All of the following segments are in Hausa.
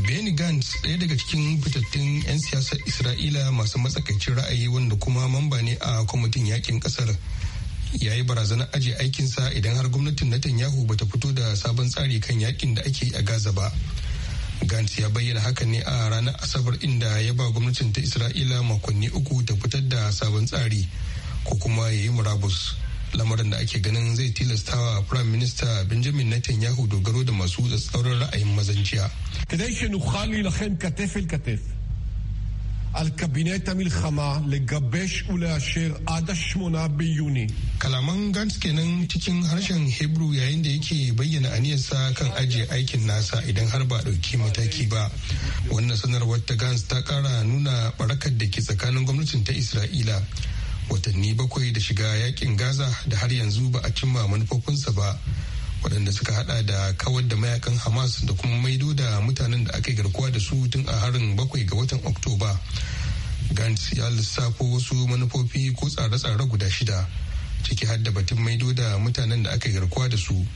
Benny Gantz ɗaya daga cikin fitattun 'yan siyasar Isra'ila masu matsakaicin ra'ayi wanda kuma mamba ne a kwamitin yakin ƙasar ya yi barazanar aje aikinsa idan har gwamnatin Netanyahu ta fito da sabon tsari kan yakin da ake a Gaza ba. Gantz ya bayyana haka ne a ranar Asabar inda ya ba gwamnatin ta Isra'ila makonni uku ta fitar da sabon tsari ko kuma ya yi murabus. lamarin da ake ganin zai tilastawa prime minister benjamin netanyahu dogaro da masu tsatsauran ra'ayin mazanciya ne. kalaman gans kenan cikin harshen hebrew yayin da yake bayyana aniyarsa kan ajiye aikin nasa idan har ba dauki mataki ba wannan sanarwar ta gans ta kara nuna barakar da ke tsakanin gwamnatin ta isra'ila watanni bakwai da shiga yakin gaza da har yanzu ba a cimma manufofinsa ba waɗanda suka hada da kawar da mayakan hamas da kuma maido da mutanen da aka yi garkuwa da su tun a harin bakwai ga watan oktoba gantz ya lissafo wasu manufofi ko tsare-tsare guda shida ciki har da batun maido da mutanen da aka yi garkuwa da su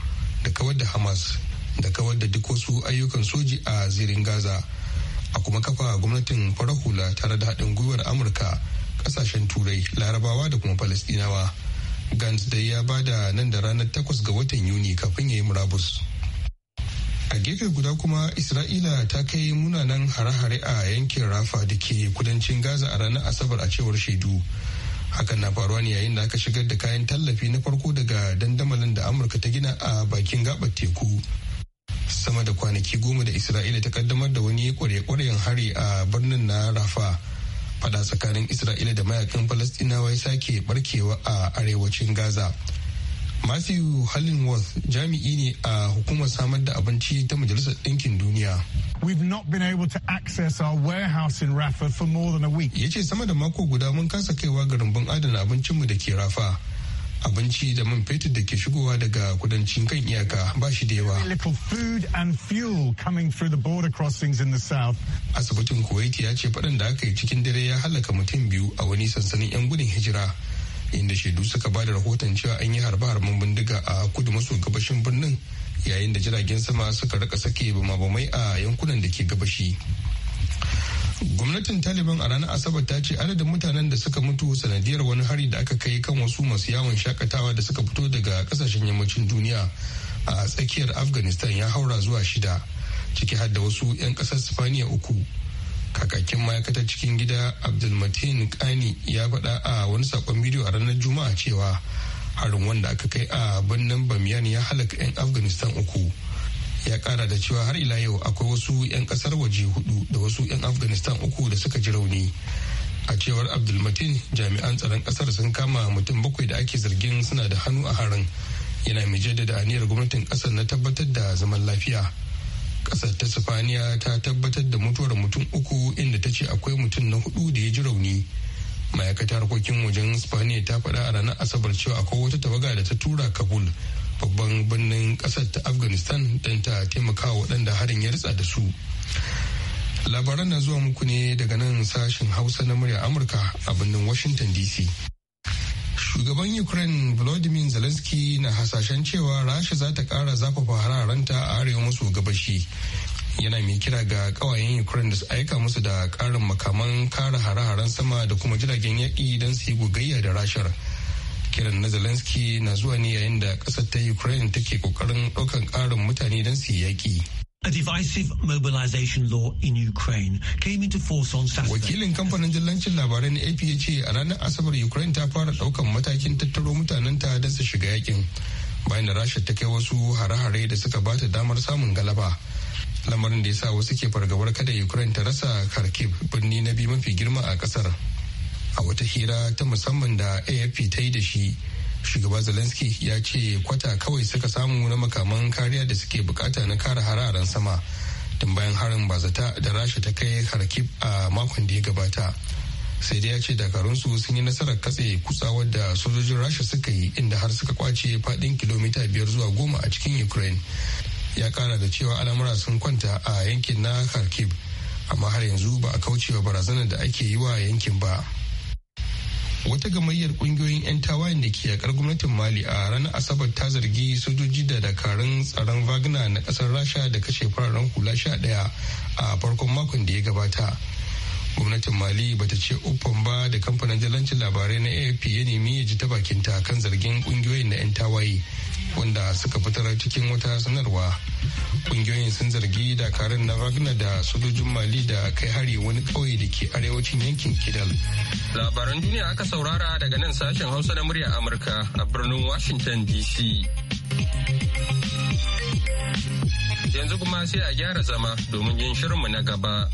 da kawar da hamas da kawar da duk wasu ayyukan soji a zirin gaza a kuma kafa gwamnatin farahula tare da haɗin gwiwar amurka kasashen turai larabawa da kuma falastinawa gans dai ya bada nan da ranar takwas ga watan yuni kafin ya yi murabus a gefe guda kuma isra'ila ta kai munanan hare-hare a yankin rafa da ke kudancin gaza a ranar asabar a cewar shaidu hakan na faruwa ne yayin da aka shigar da kayan tallafi na farko daga dandamalin da amurka ta gina a bakin gabar teku sama da kwanaki goma da isra'ila ta kaddamar da wani kware-kwaren hari a birnin na rafa fada tsakanin isra'ila da mayakan falastinawa ya sake barkewa a arewacin gaza matthew hallingworth jami'i ne a hukumar samar da abinci ta majalisar ɗinkin duniya We've not been able to access our warehouse in Rafa for more than a week. Ya ce sama da mako guda mun kasa kaiwa ga rumbun adana abincinmu da ke Rafa abinci da man fetur da ke shigowa daga kudancin kan iyaka ba shi da yawa. Asibitin Kuwait ya ce faɗan da aka yi cikin dare ya halaka mutum biyu a wani sansanin 'yan gudun hijira. Inda shaidu suka ba da rahoton cewa an yi harba harben bindiga a kudu maso gabashin birnin yayin da jiragen sama suka raka sake bama-bamai a yankunan da ke gabashi. gwamnatin taliban a ranar asabar ta ce adadin mutanen da suka mutu sanadiyar wani hari da aka kai kan wasu masu yawon shakatawa da suka fito daga kasashen yammacin duniya a tsakiyar afghanistan ya haura zuwa shida ciki har da wasu 'yan kasar sifaniya uku kakakin ma'aikatar cikin gida abdulmatin kani ya faɗa a wani sakon bidiyo a ranar juma'a cewa harin wanda aka kai a birnin bamiyan ya halaka 'yan afghanistan uku ya kara da cewa har ila yau akwai wasu 'yan kasar waje hudu da wasu 'yan afghanistan uku da suka ji rauni a cewar abdulmatin jami'an tsaron kasar sun kama mutum bakwai da ake zargin suna da hannu a harin yana mai jaddada aniyar gwamnatin kasar na tabbatar da zaman lafiya kasar ta sifaniya ta tabbatar da mutuwar mutum uku inda ta ce akwai mutum na hudu da ya ji rauni ma'aikatar harkokin wajen spaniya ta faɗa a ranar asabar cewa akwai wata tawaga da ta tura kabul babban birnin kasar ta afghanistan don ta taimaka waɗanda harin ya ritsa da su labaran na zuwa muku ne daga nan sashen hausa na murya amurka a birnin washington dc shugaban ukraine volodymyr zelensky na hasashen cewa rasha za ta kara zafafa hararanta a arewa maso gabashi yana mai kira ga kawayen ukraine da su aika musu da karin makaman kara hare-haren sama da kuma jiragen yaƙi don su yi gogayya da rashar kiran na zelensky na zuwa ne yayin da ƙasar ta ukraine take ƙoƙarin ɗaukan ƙarin mutane don su yaƙi A divisive mobilization law in Ukraine came into force on Saturday. Wakilin kamfanin jallancin labarai na AP ce a ranar Asabar Ukraine ta fara daukan matakin tattaro mutanen ta don su shiga yakin bayan da Rasha ta kai wasu hare-hare da suka bata damar samun galaba. Lamarin da ya sa wasu ke fargabar kada Ukraine ta rasa Kharkiv birni na biyu mafi girma a kasar. a wata hira ta musamman da afp ta yi da shi shugaba zelensky ya ce kwata kawai suka samu na makaman kariya da suke bukata na kare hararen sama tun bayan harin bazata da rasha ta kai harkib a makon da ya gabata sai dai ya ce dakarunsu sun yi nasarar katse kusa da sojojin rasha suka yi inda har suka kwace fadin kilomita biyar zuwa goma a cikin ukraine ya kara da cewa al'amura sun kwanta a yankin na kharkiv amma har yanzu ba a kaucewa barazanar da ake yi wa yankin ba wata gamayyar kungiyoyin 'yan tawayen da ke yakar gwamnatin mali a ranar asabar ta zargi sojoji da dakarun tsaron wagner na kasar rasha da kashe fararen hula sha daya a farkon makon da ya gabata gwamnatin mali bata ce uffan ba da kamfanin jalancin labarai na afp ya nemi ya ji ta bakinta kan zargin kungiyoyin na 'yan tawaye wanda suka fitar cikin wata sanarwa kungiyoyin sun zargi dakarun na wagner da sojojin mali da kai hari wani kauye da ke arewacin yankin kidal labaran duniya aka saurara daga nan sashen hausa na murya amurka a birnin washington dc yanzu kuma sai a gyara zama domin yin shirinmu na gaba.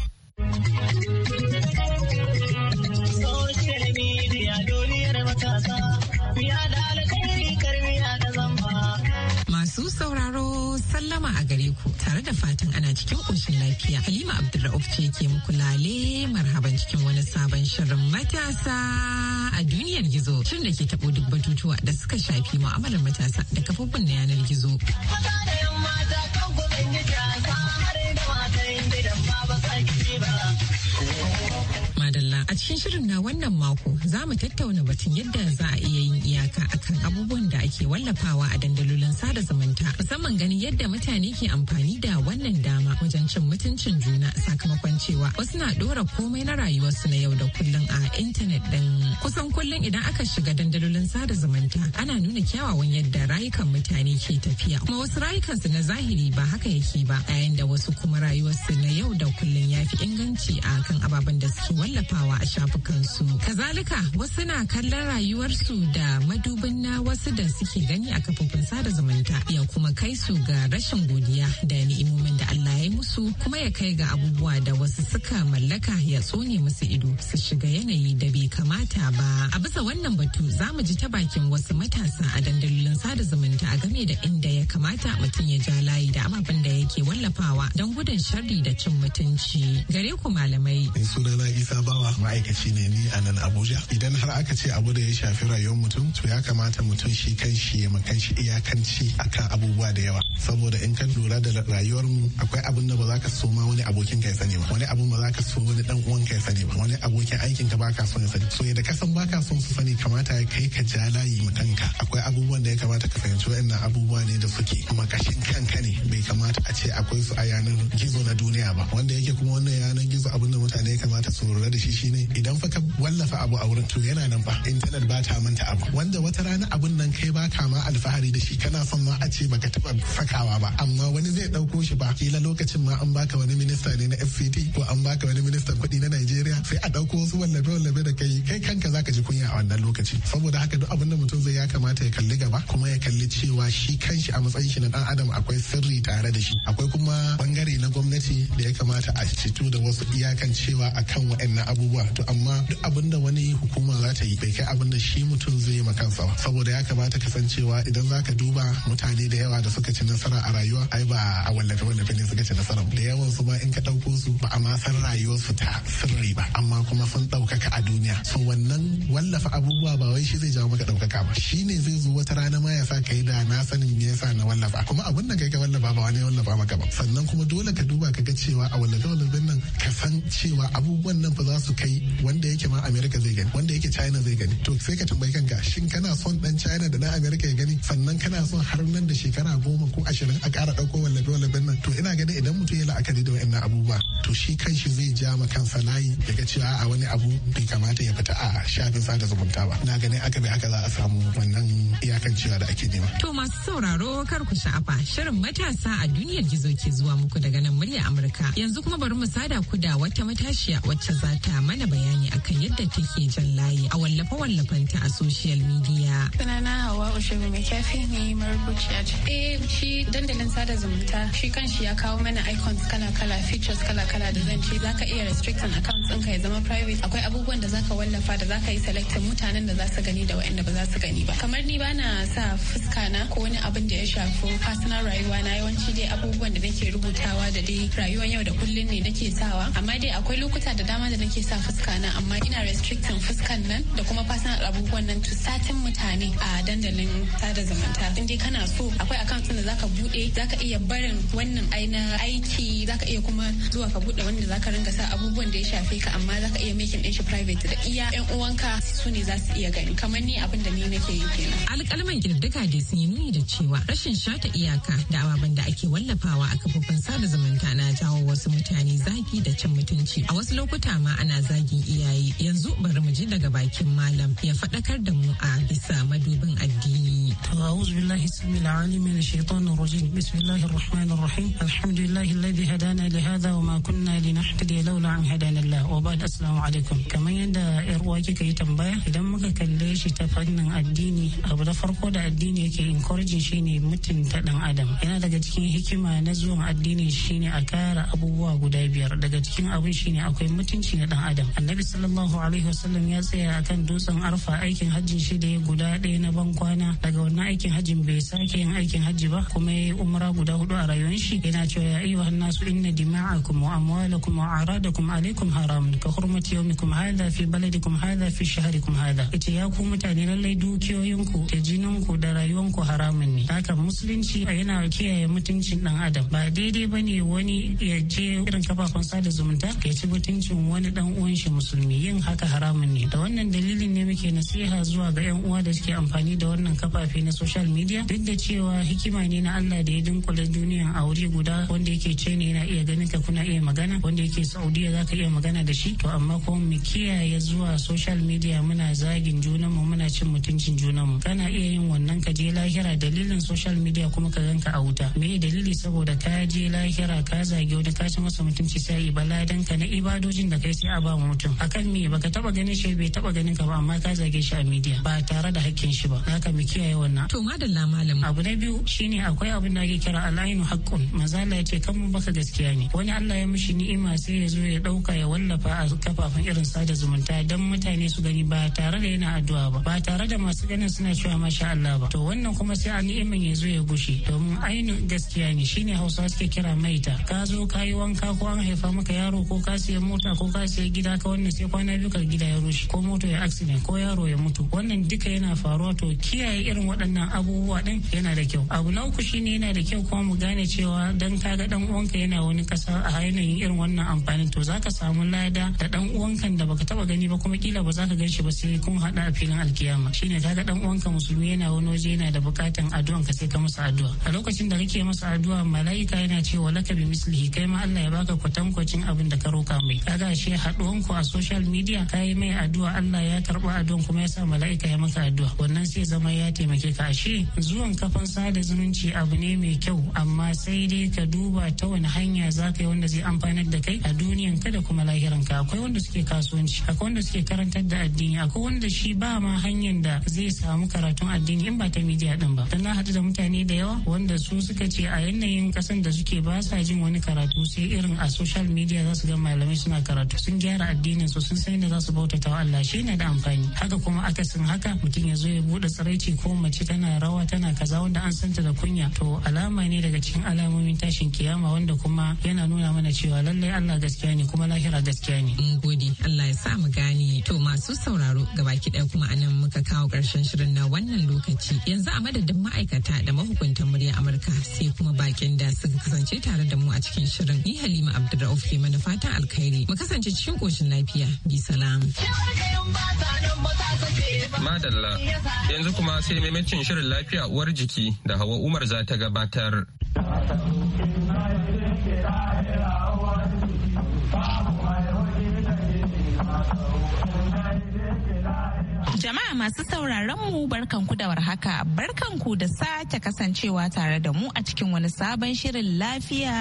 ku tare da fatan ana cikin ƙoshin lafiya. Halima Abdulrauf ce ke muku lale marhaban cikin wani sabon shirin matasa a duniyar gizo. Shin da ke taɓo duk batutuwa da suka shafi mu'amalar matasa da kafofin na yanar gizo. cikin shirin na wannan mako za mu tattauna batun yadda za a iya yin iyaka akan abubuwan da ake wallafawa a dandalolin sada zumunta musamman ganin yadda mutane ke amfani da wannan dama wajen cin mutuncin juna sakamakon cewa wasu na dora komai na rayuwarsu na yau da kullum a intanet din kusan kullum idan aka shiga dandalolin sada zumunta ana nuna kyawawan yadda rayukan mutane ke tafiya kuma wasu rayukansu na zahiri ba haka yake ba yayin da wasu kuma rayuwarsu na yau da kullum ya fi inganci a kan ababen da suke wallafawa a shafukansu. Kazalika wasu na kallon rayuwarsu da madubin na wasu da suke gani a kafofin sada zumunta ya kuma kai su ga rashin godiya da ni'imomin da Allah ya musu kuma ya kai ga abubuwa da wasu suka mallaka ya tsone musu ido su shiga yanayi da bai kamata ba. A bisa wannan batu za mu ji ta bakin wasu matasa a dandalin sada zumunta a game da inda ya kamata mutum ya ja layi da ababen da yake wallafawa don gudun sharri da cin mutunci. Gare ku malamai. na Isa Bawa ma'aikaci ne ni a nan abuja idan har aka ce abu da ya shafi rayuwar mutum to ya kamata mutum shi kan shi ya makan shi iyakanci akan abubuwa da yawa saboda in kan lura da rayuwar mu akwai abin da ba za ka so ma wani abokin ka ya sani ba wani abun ba za ka so wani dan uwan ka ya sani ba wani abokin aikin ka baka son ya sani so yadda ka san baka son su sani kamata ya kai ka ja layi ma kanka akwai abubuwan da ya kamata ka fahimci wa'annan abubuwa ne da suke makashin kanka ne bai kamata a ce akwai su a yanar gizo na duniya ba wanda yake kuma wannan yanar gizo abin ya kamata su lura da shi shine idan fa ka wallafa abu a wurin to yana nan fa intanet ba ta manta abu wanda wata rana abun nan kai ba ka ma alfahari da shi kana son ma a ce baka taba sakawa ba amma wani zai dauko shi ba kila lokacin ma an baka wani minista ne na FCT ko an baka wani ministan kuɗi na nigeria sai a dauko wasu wallafe-wallafe da kai kai kanka zaka ji kunya a wannan lokaci saboda haka duk abin da mutum zai ya kamata ya kalli gaba kuma ya kalli cewa shi kanshi a matsayin shi na dan adam akwai sirri tare da shi akwai kuma bangare na gwamnati da ya kamata a cito da wasu iyakan cewa a kan waɗannan abubuwa to amma duk abin da wani hukuma za ta yi bai kai abin da shi mutum zai yi kansa ba saboda ya kamata ka san cewa idan za ka duba mutane da yawa da suka ci nasara a rayuwa ai ba a wallafe wallafe ne suka ci nasara da yawan su ba in ka ɗauko su ba a ma san rayuwarsu ta sirri ba amma kuma sun ɗaukaka a duniya so wannan wallafa abubuwa ba wai shi zai jawo maka ɗaukaka ba shi ne zai zo wata rana ma ya sa ka yi da na sanin me yasa na wallafa kuma abin da kai ka wallafa ba wani ya wallafa maka ba sannan kuma dole ka duba ka ga cewa a wallafe wallafe nan ka san cewa abubuwan nan ba za su kai wanda yake ma america zai gani wanda yake china zai gani to sai ka tambayi kanka shin kana son dan china da na america ya gani sannan kana son har nan da shekara goma ko ashirin a kara dauko wallabe wallafen nan to ina ganin idan mutum ya la'akari da wa'annan abubuwa to shi kanshi zai ja ma kansa layi daga cewa a wani abu bai kamata ya fita a shafin sada zumunta ba na ganin aka bai aka za a samu wannan cewa da ake nema to masu sauraro kar ku sha'afa shirin matasa a duniyar gizo ke zuwa muku daga nan murya amurka yanzu kuma bari mu sada ku da wata matashi matashiya wacce za ta mana bayani akan yadda take jan layi a wallafe-wallafenta a social media. sanana Hawa Ushebu mai kyafi ne marubuciya ce. Eh shi dandalin sada zumunta shi kan shi ya kawo mana icons kala-kala features kala-kala da zan ce zaka iya restricting accounts ɗinka ya zama private akwai abubuwan da zaka wallafa da zaka yi selecting mutanen da za su gani da waɗanda ba za su gani ba. Kamar ni bana sa fuska ko wani abin da ya shafi personal rayuwa na yawanci dai abubuwan da nake rubutawa da dai rayuwar yau da kullum ne nake sawa amma dai akwai lokuta da dama da nake sa fuska na amma ina restricting fuskan nan da kuma personal abubuwan nan to satin mutane a dandalin sada zumunta in dai kana so akwai account da zaka bude zaka iya barin wannan aina aiki zaka iya kuma zuwa ka bude wanda zaka ringa sa abubuwan da ya shafe ka amma zaka iya making din shi private da iya yan uwanka su ne za su iya gani kamar ni abin da ni nake yi kenan alƙalman girgaka dai sun yi nuni da cewa rashin shata iyaka da ababen da ake wallafawa a kafofin sada zumunta na jawo wasu mutane zagi da cin mutunci a wasu lokuta ma ana zagin iyaye yanzu bari mu ji daga bakin malam ya faɗakar da mu a bisa madubin addini. أعوذ بالله السميع العليم من الشيطان الرجيم بسم الله الرحمن الرحيم الحمد لله الذي هدانا لهذا وما كنا لنهتدي لولا أن هدانا الله وبعد السلام عليكم كما يندى إرواجك يتنبيه إذا muka kalle shi ta fannin addini abu da farko da addini yake in encouraging shine mutunta dan adam yana daga cikin hikima na zuwan addini shine a kara abubuwa guda biyar daga cikin abin shine akwai mutunci na dan adam annabi sallallahu alaihi wasallam ya tsaya akan dutsen arfa aikin hajjin shi da ya guda ɗaya na ban kwana daga wannan aikin hajjin bai sake yin aikin hajji ba kuma ya yi umra guda hudu a rayuwar shi yana cewa ya ayyuhan nasu inna dima'akum wa amwalakum wa aradakum alaikum haram ka hurmati yawmikum hadha fi baladikum hadha fi shahrikum hadha ita ya ku mutane lallai dukiyoyinku da jininku da rayuwanku haram haramun ne haka musulunci yana kiyaye mutuncin dan adam ba daidai ba ne wani ya je irin kafafen sada zumunta ya ci mutuncin wani dan uwan shi musulmi yin haka haramun ne da wannan dalilin ne muke nasiha zuwa ga yan uwa da suke amfani da wannan kafafe na social media duk da cewa hikima ne na Allah da ya dinkula duniyan a wuri guda wanda yake ce ne yana iya ganin ka kuna iya magana wanda yake Saudiya za ka iya magana da shi to amma ko mu kiyaye zuwa social media muna zagin junanmu muna cin mutuncin junanmu kana iya yin wannan ka je lafiya lahira dalilin social media kuma ka ganka a wuta me dalili saboda ka je lahira ka zage wani ka masa mutunci sai ibaladan ka na ibadojin da kai sai a ba mutum akan me baka taba ganin shi bai taba ganin ka ba amma ka zage shi a media ba tare da hakkin shi ba haka mu kiyaye wannan to madalla malam abu na biyu shine akwai abin da ake kira alainu haqqun mazala yace kan mu baka gaskiya ne wani Allah ya mishi ni'ima sai ya zo ya dauka ya wallafa a kafafen irin sada zumunta dan mutane su gani ba tare da yana addu'a ba ba tare da masu ganin suna cewa masha Allah ba to wannan kuma kuma sai a ni'imin ya zo ya gushe domin ainihin gaskiya ne shine hausa suke kira maita ka zo ka yi wanka ko an haifa maka yaro ko ka siya mota ko ka siya gida ka wannan sai kwana biyu ka gida ya rushe ko mota ya accident ko yaro ya mutu wannan duka yana faruwa to kiyaye irin waɗannan abubuwa din yana da kyau abu na uku shine yana da kyau kuma mu gane cewa dan ga dan uwanka yana wani kasa a yanayin irin wannan amfanin to zaka samu lada da dan uwankan da baka taba gani ba kuma kila ba zaka gan shi ba sai kun hada a filin alkiyama shine ga dan uwanka musulmi yana wani waje yana da buƙatar bukatan addu'a ka sai ka masa addu'a a lokacin da kake masa addu'a mala'ika yana cewa laka bi mislihi kai ma Allah ya baka kwatankwacin abin da ka roka mai kaga shi haɗuwan ku a social media kai mai addu'a Allah ya karba addu'an kuma ya sa mala'ika ya maka addu'a wannan sai zama ya taimake ka ashe zuwan kafan sada zumunci abu ne mai kyau amma sai dai ka duba ta wani hanya za ka yi wanda zai amfanar da kai a duniyan ka da kuma lahiran ka akwai wanda suke kasuwanci akwai wanda suke karantar da addini akwai wanda shi ba ma hanyar da zai samu karatun addini in ba ta media din ba na haɗu da mutane da yawa wanda su suka ce a yanayin kasan da suke ba sa jin wani karatu sai irin a social media za su ga malamai suna karatu sun gyara addinin su sun san da za su bauta tawa Allah shi ne da amfani haka kuma akasin haka mutum ya zo ya buɗe tsiraici ko mace tana rawa tana kaza wanda an san ta da kunya to alama ne daga cikin alamomin tashin kiyama wanda kuma yana nuna mana cewa lallai Allah gaskiya ne kuma lahira gaskiya ne mun gode Allah ya sa mu gane to masu sauraro gabaki ɗaya kuma anan muka kawo ƙarshen shirin na wannan lokaci yanzu a madadin ma'aikata da mahukuntan murya Amurka sai kuma bakin da suka kasance tare da mu a cikin shirin. Ni Halima Abdulrauf ke mana fatan alkhairi. Mu kasance cikin koshin lafiya. Bi salam. Madalla yanzu kuma sai maimacin shirin lafiya uwar jiki da Hawa Umar za ta gabatar. masu sauraron mu barkanku da warhaka barkanku da sake kasancewa tare da mu a cikin wani sabon shirin lafiya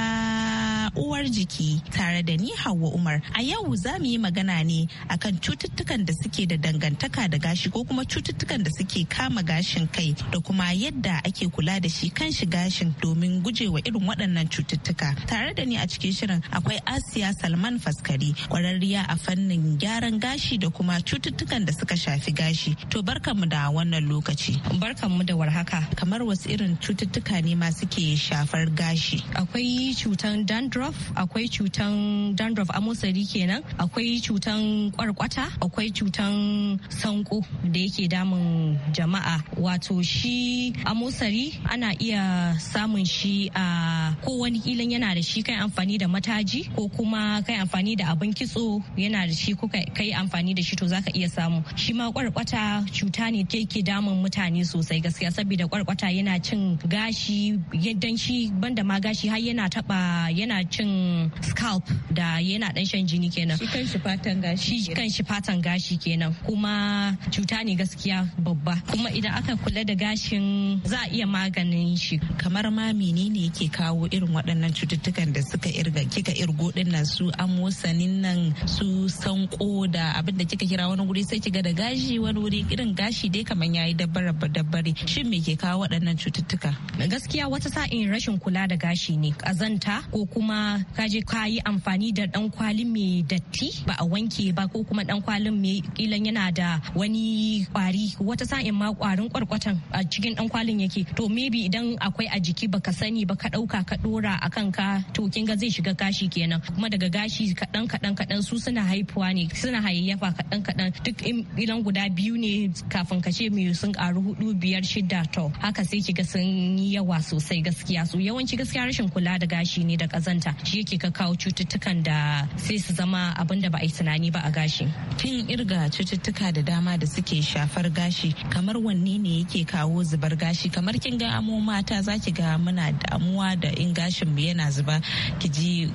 uwar jiki tare da ni Hauwa Umar. A yau za mu yi magana ne akan cututtukan da suke da dangantaka da gashi ko kuma cututtukan da suke kama gashin kai da kuma yadda ake kula da shi kan shi gashin domin gujewa irin waɗannan cututtuka. Tare da ni a cikin shirin akwai Asiya Salman Faskari kwararriya a fannin gyaran gashi da kuma cututtukan da suka shafi gashi To barkanmu da wannan lokaci. Barkanmu da warhaka. Kamar wasu irin cututtuka ne ma suke shafar gashi. Akwai cutan dandruff, akwai cutan dandruff amosari kenan, akwai cutan kwarkwata, akwai cutan sanko da yake damun jama'a. Wato shi amosari ana iya samun shi a wani kilan yana da shi kai amfani da mataji ko kuma kai amfani da abin kitso yana da shi ko kai amfani da shi to zaka iya samu. Shi ma kwarkwata cuta ne ke yake damun mutane sosai gaskiya saboda kwarkwata yana cin gashi dan shi banda ma gashi har yana taba yana cin scalp da yana dan shan jini kenan shi kan shi fatan gashi shi kan shi fatan gashi kenan kuma cuta ne gaskiya babba kuma idan aka kula da gashin za a iya maganin shi kamar ma menene yake kawo irin waɗannan cututtukan da suka irga kika irgo dinnan su amosanin nan su sanko da abin da kika kira wani guri sai kiga da gashi wani wuri irin gashi dai kamar yayi dabbare dabbare shin me ke kawo waɗannan cututtuka gaskiya wata sa'in rashin kula da gashi ne kazanta ko kuma kaje ka yi amfani da dan kwali mai datti ba a wanke ba ko kuma dan kwalin mai kilan yana da wani kwari wata sa'in ma kwarin kwarkwatan a cikin dan kwalin yake to maybe idan akwai a jiki baka sani ba ka dauka ka dora akan ka. to kin ga zai shiga gashi kenan kuma daga gashi kadan kadan kadan su suna haifuwa ne suna hayayyafa kadan kadan duk ilan guda biyu ne kafin ka ce miyu sun karu hudu biyar shida to haka sai kiga sun yi yawa sosai gaskiya su yawanci gaskiya rashin kula da gashi ne da kazanta shi yake ka kawo cututtukan da sai su zama abin da ba a yi tunani ba a gashi. Kin irga cututtuka da dama da suke shafar gashi kamar wanne ne yake kawo zubar gashi kamar kin ga amo mata za ki ga muna damuwa da in gashin mu yana zuba ki ji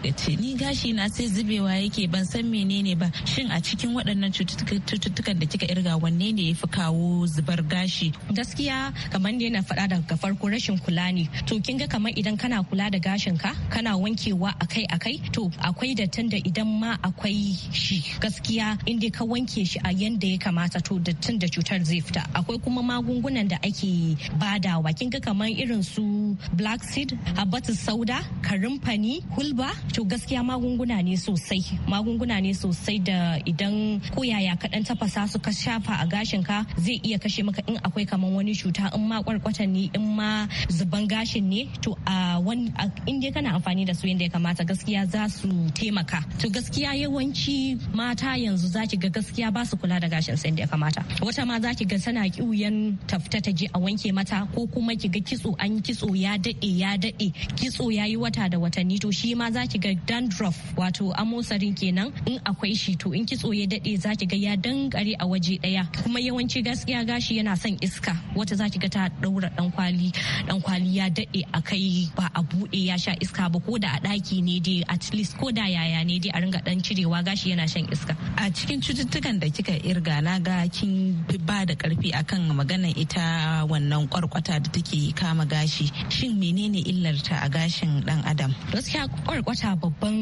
ni gashi na sai zubewa yake ban san menene ba shin a cikin waɗannan cututtukan da kika irga wanne ne fi kawo zubar gashi gaskiya kamar da yana faɗa daga farko rashin kula ne to kin ga kamar idan kana kula da gashin ka kana wankewa akai akai to akwai dattin da idan ma akwai shi gaskiya in ka wanke shi a yanda ya kamata to dattin da cutar zai fita akwai kuma magungunan da ake badawa kin ga kamar irin su black seed habbatus sauda karimfani hulba to gaskiya magunguna ne sosai magunguna ne sosai da idan koyaya kaɗan tafasa su ka shafa a gashin ka zai iya kashe maka in akwai kamar wani cuta in ma kwarkwatan ne in ma zuban gashin ne to a wani in dai kana amfani da su yadda ya kamata gaskiya za su taimaka to gaskiya yawanci mata yanzu za ki ga gaskiya ba su kula da gashin su yadda ya kamata wata ma za ki ga tana kiwuyan tafta ta je a wanke mata ko kuma ki ga kitso an kitso ya daɗe ya daɗe kitso ya yi wata da watanni to shi ma za ki ga dandruff wato amosarin kenan in akwai shi to in kitso ya daɗe za ki ga ya dangare a waje daya kuma yawanci gaskiya gashi yana son iska wata za ki ga ta daura dan kwali dan kwali ya dade a kai ba a bude ya sha iska ba ko da a daki ne dai at least ko da yaya ne dai a ringa dan cirewa gashi yana shan iska a cikin cututtukan da kika irga na ga kin ba da karfi akan maganar ita wannan kwarkwata da take kama gashi shin menene illar ta a gashin dan adam gaskiya kwarkwata babban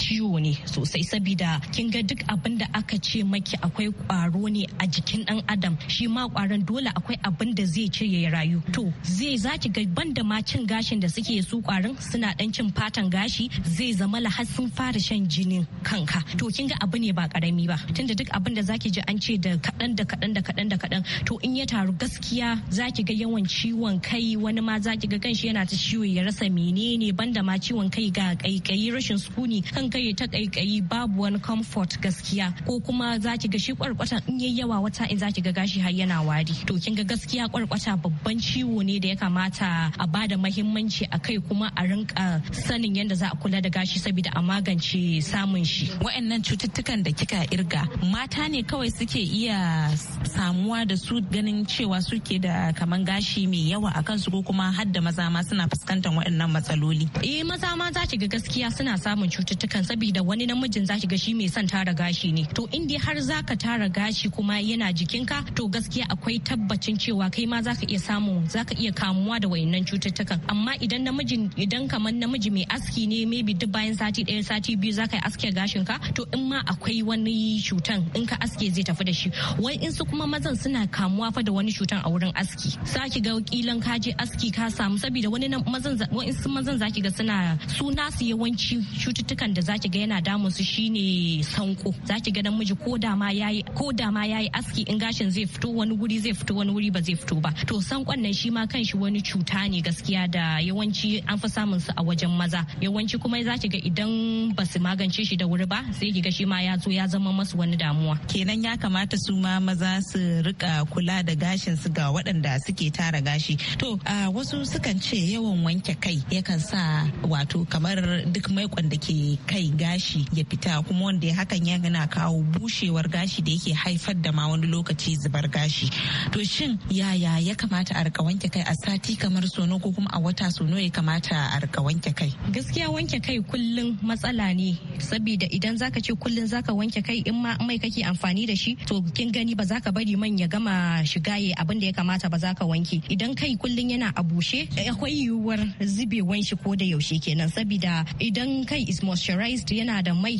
ciwo ne sosai sabida kin ga duk abin da aka ce maki akwai kwaro ne a jikin dan adam shi ma kwaran dole akwai abin da zai ci ya rayu to zai zaki ga ban da ma cin gashin da suke su kwarin suna dan cin fatan gashi zai zama lahar sun fara shan jinin kanka to kin ga abu ne ba karami ba tunda duk abin da zaki ji an ce da kadan da kadan da kadan da kadan to in ya taru gaskiya zaki ga yawan ciwon kai wani ma zaki ga kanshi yana ta ciwo ya rasa menene ban da ma ciwon kai ga kaikayi rashin sukuni kan kai ta kaikayi babu wani comfort gaskiya ko kuma zaki ga shi kwarkwatan in yayi yawa wata in zaki ga gashi har yana wari to kin ga gaskiya kwarkwata babban ciwo ne da ya kamata a bada mahimmanci a kai kuma a rinka sanin yadda za a kula da gashi saboda a magance samun shi wa'annan cututtukan da kika irga mata ne kawai suke iya samuwa da su ganin cewa suke da kaman gashi mai yawa a kansu ko kuma har da maza ma suna fuskantar waɗannan matsaloli eh maza ma za ki ga gaskiya suna samun cututtukan saboda wani namijin za ki ga shi mai son tara gashi ne to in dai har zaka tara gashi kuma yana ji jikinka to gaskiya akwai tabbacin cewa kai ma zaka iya samu zaka iya kamuwa da wayannan cututtukan amma idan namiji idan kamar namiji mai aski ne maybe duk bayan sati ɗaya sati biyu zaka yi aske gashinka to in ma akwai wani cutan in ka aske zai tafi da shi wai in su kuma mazan suna kamuwa fa da wani cutan a wurin aski saki ga kilan ka je aski ka samu saboda wani mazan in su mazan zaki ga suna su nasu yawanci cututtukan da zaki ga yana damun su shine sanko zaki ga namiji ko da ma yayi ko da ma yayi aski in gashin zai fito wani wuri zai fito wani wuri ba zai fito ba to san kwannan shi ma kanshi wani cuta ne gaskiya da yawanci an fi samun su a wajen maza yawanci kuma za ki ga idan ba su magance shi da wuri ba sai ki ga shi ma ya zo ya zama masu wani damuwa kenan ya kamata su ma maza su rika kula da gashin su ga waɗanda suke tara gashi to a wasu sukan ce yawan wanke kai yakan sa wato kamar duk maikon da ke kai gashi ya fita kuma wanda hakan yana kawo bushewar gashi da yake haifar da ma wani lokaci lokaci zubar gashi to shin yaya ya kamata a rika wanke kai a sati kamar sono ko kuma a wata sono ya kamata a rika wanke kai gaskiya wanke kai kullum matsala ne saboda idan zaka ce kullum zaka wanke kai in ma mai kake amfani da shi to kin gani ba zaka bari man ya gama shiga ya abin da ya kamata ba zaka wanke idan kai kullum yana a bushe akwai yiwuwar zube shi ko da yaushe kenan saboda idan kai is moisturized yana da mai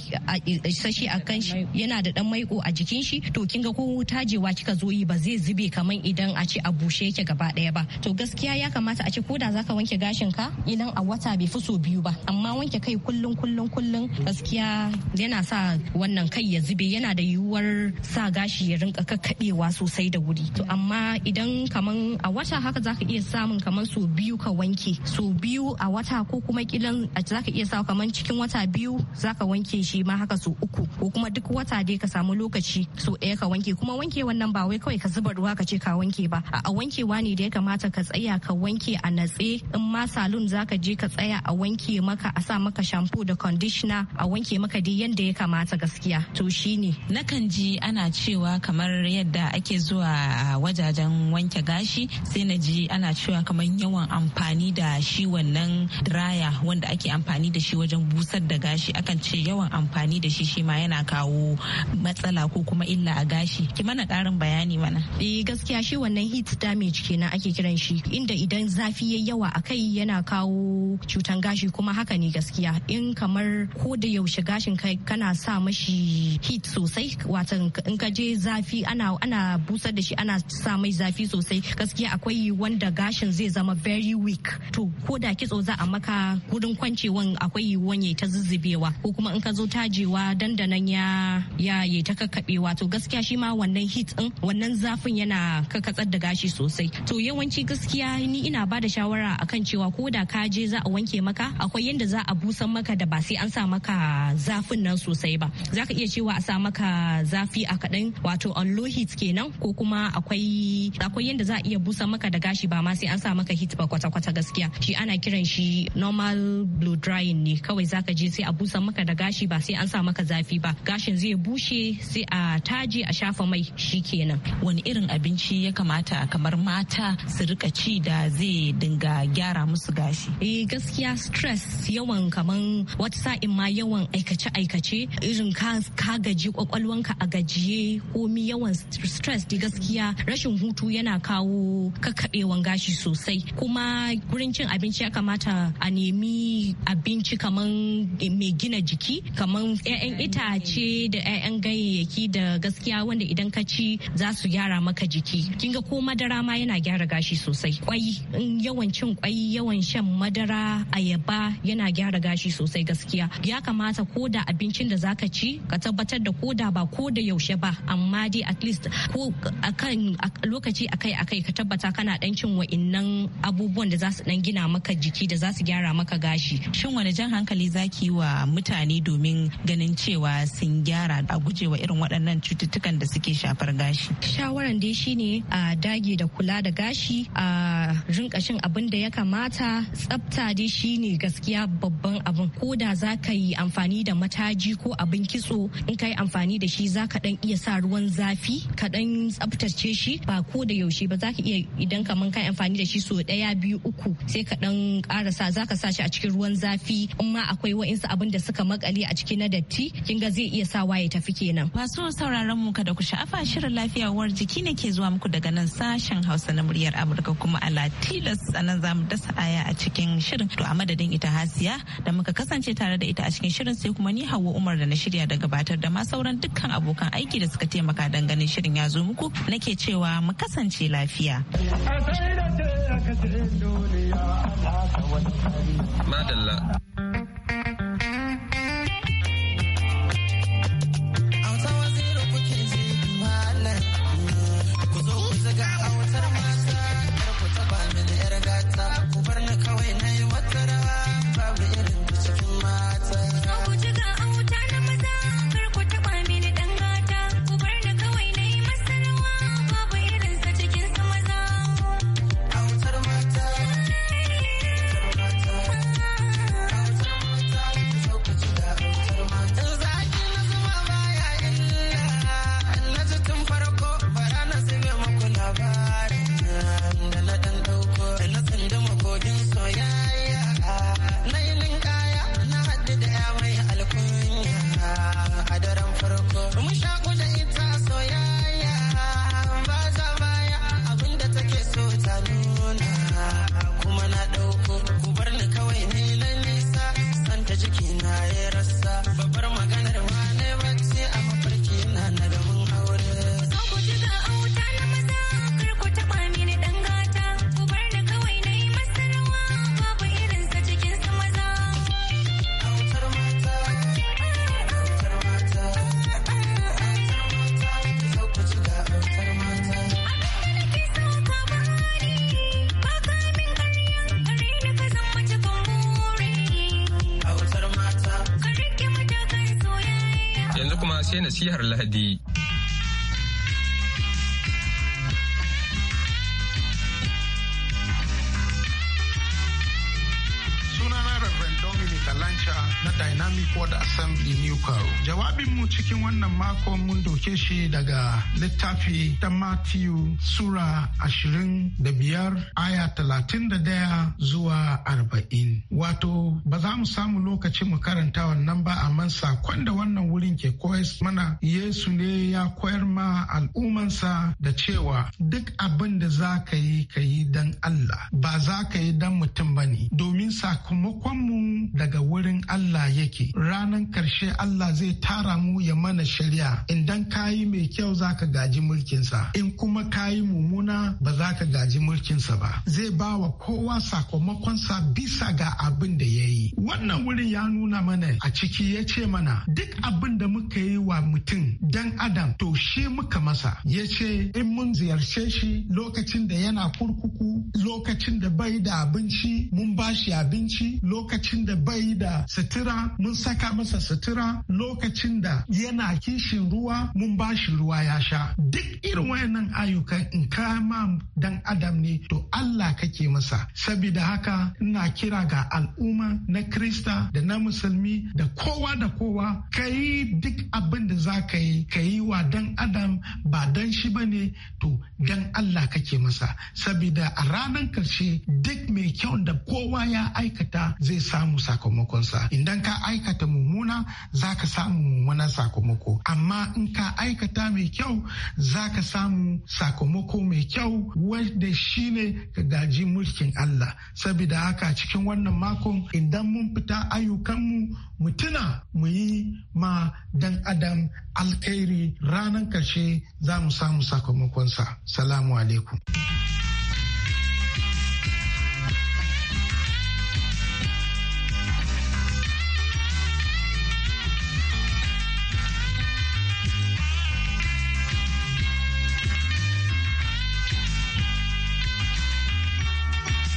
isasshe a kan shi yana da dan maiko a jikin shi to kin ga ko ta ajewa kika zo yi ba zai zube kaman idan a ce a bushe yake gaba daya ba to gaskiya ya kamata a ce koda zaka wanke gashin ka idan a wata bai fi so biyu ba amma wanke kai kullun kullun kullun gaskiya yana sa wannan kai ya zube yana da yiwuwar sa gashi ya rinka kakkaɓewa sosai da wuri to amma idan kaman a wata haka zaka iya samun kaman so biyu ka wanke so biyu a wata ko kuma kilan zaka iya sa kamar cikin wata biyu zaka wanke shi ma haka so uku ko kuma duk wata dai ka samu lokaci so ɗaya ka wanke kuma wanke wannan ba wai kawai ka zuba ruwa ka ce ka wanke ba a wankewa ne da ya kamata ka tsaya ka wanke a natse in ma salon zaka je ka tsaya a wanke maka a sa maka shampoo da conditioner a wanke maka dai yadda ya kamata gaskiya to shine nakan ji ana cewa kamar yadda ake zuwa wajajen wanke gashi sai na ji ana cewa kamar yawan amfani da shi wannan draya wanda ake amfani da shi wajen busar da gashi akan ce yawan amfani da shi shi ma yana kawo matsala ko kuma illa a gashi ki mana karin bayani mana. Eh gaskiya shi wannan heat damage kenan ake kiran shi inda idan zafi yayi yawa a kai yana kawo cutan gashi kuma haka ne gaskiya in kamar ko da yaushe gashin kai kana sa mashi heat sosai wato in ka je zafi ana ana busar da shi ana sa mai zafi sosai gaskiya akwai wanda gashin zai zama very weak to ko da kitso za a maka gudun kwancewan akwai wanye ta zuzzubewa ko kuma in ka zo tajewa dandanan ya ya ya ta kakkabewa to gaskiya shi ma wannan heat din wannan zafin yana kakatsar da gashi sosai to yawanci gaskiya ni ina ba da shawara akan cewa ko da ka je za a wanke maka akwai yanda za a busan maka da ba sai an sa maka zafin nan sosai ba za ka iya cewa a sa maka zafi a kaɗan wato on low heat kenan ko kuma akwai akwai yanda za a iya busan maka da gashi ba ma sai an sa maka heat ba kwata-kwata gaskiya shi ana kiran shi normal blow drying ne kawai zaka je sai a busan maka da gashi ba sai an sa maka zafi ba gashin zai bushe sai a taje a shafa mai shi kenan wani irin abinci ya kamata kamar mata su rika ci da zai dinga gyara musu gashi eh gaskiya stress yawan kaman wata sa'in ma yawan aikace aikace irin ka gaji kwakwalwanka a gajiye komi yawan stress da gaskiya rashin hutu yana kawo kakkaɓewan gashi sosai kuma gurin cin abinci ya kamata a nemi abinci kaman mai gina jiki kaman 'ya'yan itace da 'ya'yan ganyayyaki da gaskiya wanda idan ka ci abinci za su gyara maka jiki kin ga ko madara ma yana gyara gashi sosai kwai in yawan cin kwai yawan shan madara ayaba yana gyara gashi sosai gaskiya ya kamata ko da abincin da zaka ci ka tabbatar da ko da ba ko da yaushe ba amma dai at least ko akan lokaci akai akai ka tabbata kana dan cin wa'innan abubuwan da za su dan gina maka jiki da za su gyara maka gashi shin wani jan hankali zaki wa mutane domin ganin cewa sun gyara a gujewa irin waɗannan cututtukan da suke shafa. shafar gashi shawaran dai shine a dage da kula da gashi a rinka shin abin da ya kamata tsafta dai shine gaskiya babban abin ko da za ka yi amfani da mataji ko abin kitso in ka yi amfani da shi za ka dan iya sa ruwan zafi ka dan tsaftace shi ba ko da yaushe ba za ka iya idan kaman ka yi amfani da shi so daya biyu uku sai ka dan sa za ka sa shi a cikin ruwan zafi in ma akwai wa'insu abin da suka makale a cikin na datti kin ga zai iya sawa ya tafi kenan masu sauraron mu kada ku sha'afa shirin lafiya uwar jiki ne ke zuwa muku daga nan sashen Hausa na muryar Amurka kuma a Latilas anan zamu dasa aya a cikin shirin to a madadin ita Hasiya da muka kasance tare da ita a cikin shirin sai kuma ni Hauwa Umar da na shirya da gabatar da ma sauran dukkan abokan aiki da suka taimaka dan ganin shirin ya zo muku nake cewa mu kasance lafiya. Madalla. nasihar lahadi sunana Reverend Dominic Alancha na Dynamic Word Assembly New Caro. mu cikin wannan mako mun doke shi daga littafi ta Matthew Sura ashirin da biyar aya talatin da daya zuwa arba'in. Wato, ba za mu samu lokaci mu karanta wannan ba amma sakon da wannan wurin ke koyar mana Yesu ne ya koyar ma al'umansa da cewa duk abin da za ka yi ka yi don Allah ba za ka yi don mutum ba ne domin sakamakon mu daga wurin Allah yake ranar ƙarshe Allah zai tara tsara mu ya mana shari'a idan kayi mai kyau za ka gaji mulkinsa in kuma kayi mumuna ba za ka gaji mulkinsa ba zai ba wa kowa sakamakonsa bisa ga abin da ya yi wannan wurin ya nuna mana a ciki ya ce mana duk abin da muka yi wa mutum dan adam to shi muka masa ya ce in mun ziyarce shi lokacin da yana kurkuku lokacin da bai da abinci mun ba shi abinci lokacin da bai da sutura mun saka masa sutura lokacin lokacin da yana kishin ruwa mun ba shi ruwa ya sha duk irin wayannan ayyukan in kama dan adam ne to Allah kake masa saboda haka ina kira ga al'umma na krista da na musulmi da kowa da kowa ka yi duk abin da za ka yi ka yi wa dan adam ba dan shi ba ne to dan Allah kake masa saboda a ranar karshe duk mai kyau da kowa ya aikata zai samu sakamakonsa idan ka aikata mummuna za ka samu mummunan sakamako amma in ka aikata mai kyau za ka samu sakamako mai kyau wanda shine ka gaji mulkin Allah saboda haka cikin wannan makon idan mun fita ayyukanmu mutuna mu yi ma dan adam alkhairi ranar karshe za mu samu sakamakonsa salamu alaikum